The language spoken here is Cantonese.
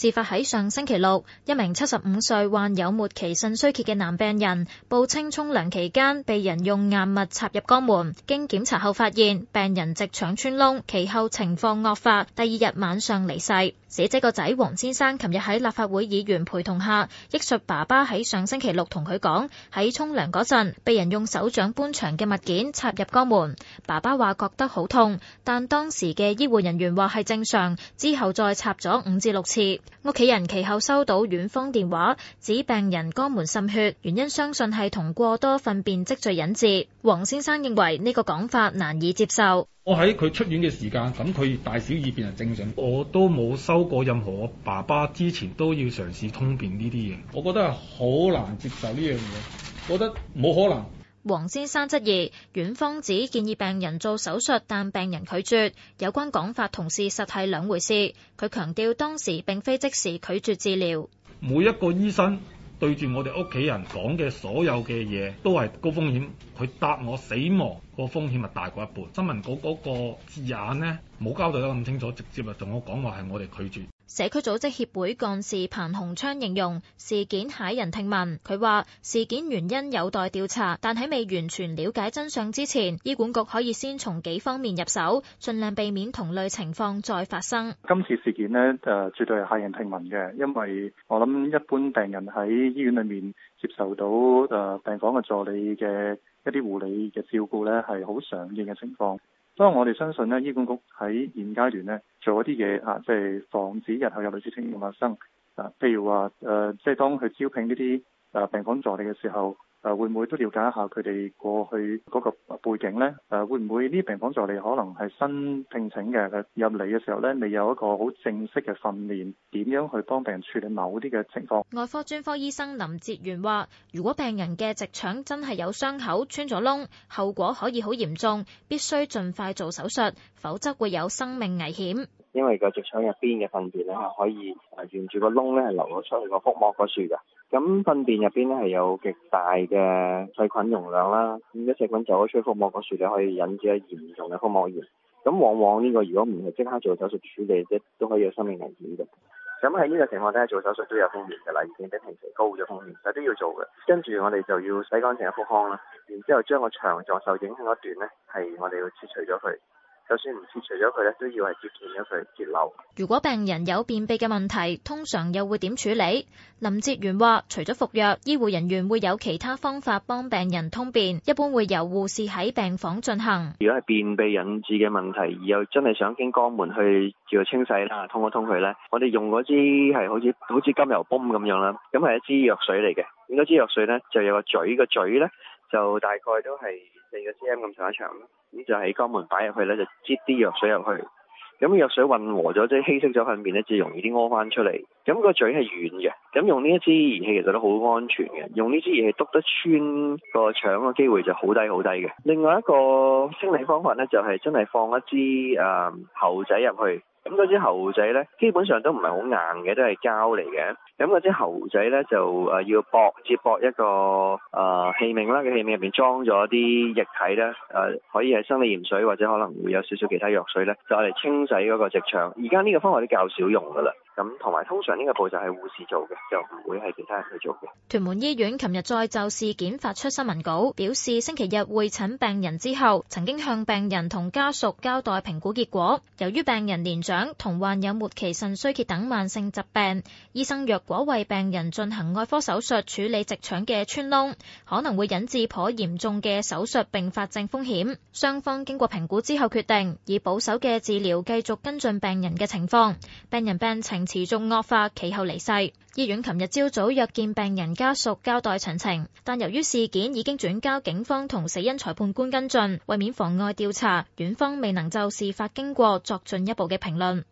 事發喺上星期六，一名七十五歲患有末期腎衰竭嘅男病人報稱，沖涼期間被人用硬物插入肛門。經檢查後發現病人直腸穿窿，其後情況惡化，第二日晚上離世。死者個仔黃先生，琴日喺立法會議員陪同下憶述，爸爸喺上星期六同佢講，喺沖涼嗰陣被人用手掌般長嘅物件插入肛門。爸爸話覺得好痛，但當時嘅醫護人員話係正常，之後再插咗五至六次。屋企人其後收到院方電話，指病人肛門滲血，原因相信係同過多糞便積聚引致。黃先生認為呢個講法難以接受。我喺佢出院嘅時間，咁佢大小便變成正常，我都冇收過任何我爸爸之前都要嘗試通便呢啲嘢，我覺得係好難接受呢樣嘢，我覺得冇可能。黃先生質疑院方指建議病人做手術，但病人拒絕。有關講法同事實係兩回事。佢強調當時並非即時拒絕治療。每一個醫生對住我哋屋企人講嘅所有嘅嘢都係高風險，佢答我死亡，那個風險係大過一半。新聞稿嗰個字眼呢，冇交代得咁清楚，直接啊同我講話係我哋拒絕。社區組織協會幹事彭洪昌形容事件駭人聽聞，佢話事件原因有待調查，但喺未完全了解真相之前，醫管局可以先從幾方面入手，盡量避免同類情況再發生。今次事件咧，誒絕對係駭人聽聞嘅，因為我諗一般病人喺醫院裏面接受到誒病房嘅助理嘅一啲護理嘅照顧咧，係好常見嘅情況。所以我哋相信呢，醫管局喺現階段呢做一啲嘢嚇，即係防止日後有類似情形發生啊。譬如話，誒、呃，即係當佢招聘呢啲誒病房助理嘅時候，誒會唔會都了解一下佢哋過去嗰個背景呢？誒會唔會呢病房助理可能係新聘請嘅入嚟嘅時候呢？未有一個好正式嘅訓練，點樣去幫病人處理某啲嘅情況？外科專科醫生林哲元話：如果病人嘅直腸真係有傷口穿咗窿，後果可以好嚴重，必須盡快做手術，否則會有生命危險。因為個直腸入邊嘅糞便咧，係可以誒沿住個窿咧係流咗出去個腹膜嗰處噶，咁糞便入邊咧係有極大嘅細菌容量啦，咁啲細菌走咗出去腹膜嗰處，就可以引致嚴重嘅腹膜炎。咁往往呢個如果唔係即刻做手術處理，即都可以有生命危險嘅。咁喺呢個情況底下做手術都有風險嘅，已經比平時高咗風險，但都要做嘅。跟住我哋就要洗乾淨個腹腔啦，之後將個腸臟受影響一段咧係我哋要切除咗佢。就算唔切除咗佢咧，都要係截斷咗佢，截漏。如果病人有便秘嘅問題，通常又會點處理？林哲元話：除咗服藥，醫護人員會有其他方法幫病人通便。一般會由護士喺病房進行。如果係便秘引致嘅問題，而又真係想經肛門去叫做清洗啦，通一通佢咧，我哋用嗰支係好似好似甘油泵咁樣啦，咁係一支藥水嚟嘅。呢支藥水咧就有個嘴，個嘴咧。就大概都係四個 C M 咁上下長，咁就喺肛門擺入去咧,就擠啲藥水入去，咁藥水混合咗即係稀釋咗糞便咧，就容易啲屙翻出嚟。咁個嘴係軟嘅，咁用呢一支儀器其實都好安全嘅，用呢支儀器督得穿個腸嘅機會就好低好低嘅。另外一個清理方法咧，就係、是、真係放一支誒、呃、喉仔入去。咁嗰隻猴仔咧，基本上都唔係好硬嘅，都係膠嚟嘅。咁嗰隻猴仔咧，就誒、呃、要搏，接駁一個誒器皿啦，個器皿入邊裝咗啲液體咧，誒、呃、可以係生理鹽水或者可能會有少少其他藥水咧，就嚟清洗嗰個直腸。而家呢個方法都較少用噶啦。咁同埋通常呢個步驟係護士做嘅，就唔會係其他人去做嘅。屯門醫院琴日再就事件發出新聞稿，表示星期日會診病人之後，曾經向病人同家屬交代評估結果。由於病人年長同患有末期腎衰竭等慢性疾病，醫生若果為病人進行外科手術處理直腸嘅穿窿，可能會引致頗嚴重嘅手術併發症風險。雙方經過評估之後決定，以保守嘅治療繼續跟進病人嘅情況。病人病情持續惡化，其後離世。醫院琴日朝早約見病人家屬交代詳情，但由於事件已經轉交警方同死因裁判官跟進，為免妨礙調查，院方未能就事發經過作進一步嘅評論。